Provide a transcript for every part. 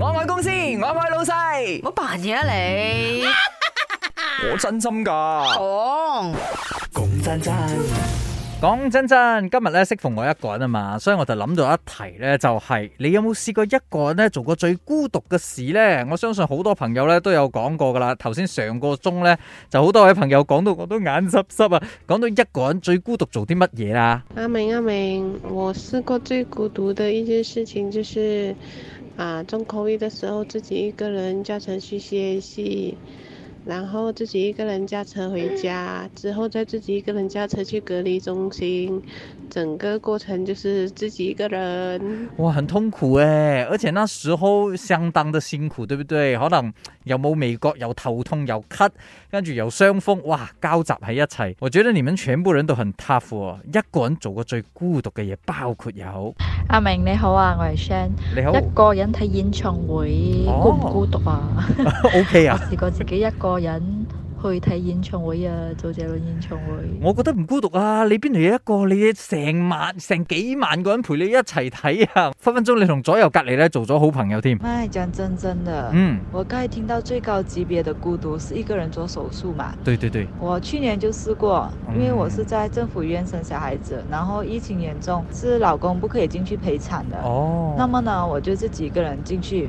我愛公司，我愛老細。冇扮嘢啊你，我真心噶。講講、哦、真真，講真真，今日咧適逢我一個人啊嘛，所以我就諗到一題咧，就係、是、你有冇試過一個人咧做過最孤獨嘅事呢？我相信好多朋友咧都有講過噶啦。頭先上個鐘咧就好多位朋友講到我都眼濕濕啊，講到一個人最孤獨做啲乜嘢啊？阿明阿、啊、明，我試過最孤獨嘅一件事情就是。啊，中 COVID 的時候自己一個人駕車去歇息，然後自己一個人駕車回家，之後再自己一個人駕車去隔離中心，整個過程就是自己一個人。哇，很痛苦哎，而且那時候相當的辛苦，對不對？可能又冇味覺，又頭痛，又咳，跟住又傷風，哇，交集喺一齊。我覺得你們全部人都很 tough，哦，一個人做過最孤獨嘅嘢，包括有。阿明你好啊，我係 Shan，你好一個人睇演唱會孤唔孤獨啊？O K 啊，oh. okay、啊我試過自己一個人。去睇演唱會啊，周杰倫演唱會，我覺得唔孤獨啊！你邊度有一個，你成萬成幾萬個人陪你一齊睇啊！分分鐘你同左右隔籬咧做咗好朋友添。唉，係，講真真的，嗯，我剛才聽到最高級別的孤獨是一個人做手術嘛？對對對，我去年就試過，因為我是在政府醫院生小孩子，嗯、然後疫情嚴重，是老公不可以進去陪產的。哦，那麼呢，我就自己一個人進去。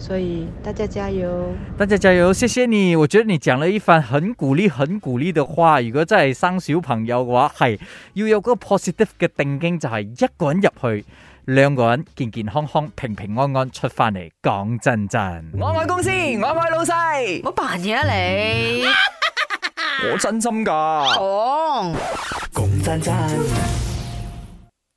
所以大家加油，大家加油，謝謝你。我覺得你講了一番很鼓勵、很鼓勵的話。如果真係生小朋友嘅話，係，要有個 positive 嘅定境，就係、是、一個人入去，兩個人健健康康、平平安安出翻嚟。講真真，我拜公司，我拜老細，我扮嘢啊你， 我真心噶，講講真真。